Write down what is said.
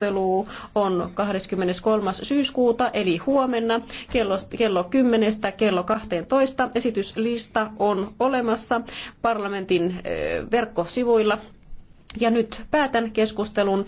keskustelu on 23. syyskuuta eli huomenna kello, kello 10 kello 12. Esityslista on olemassa parlamentin eh, verkkosivuilla. Ja nyt päätän keskustelun.